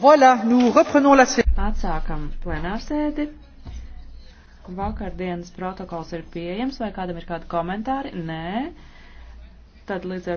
Voilà, nous reprenons la sēdi. Atsākam plenārsēdi. Vakardienas protokols ir pieejams, vai kādam ir kādi komentāri? Nē. Tad līdz ar